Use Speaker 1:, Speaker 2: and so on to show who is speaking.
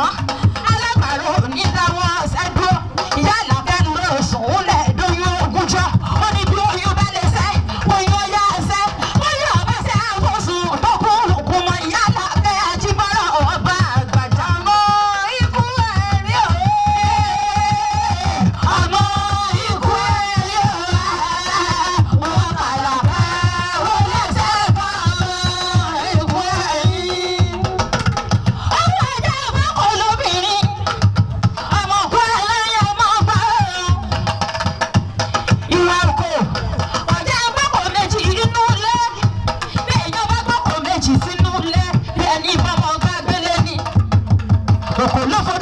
Speaker 1: 啊 Ojo,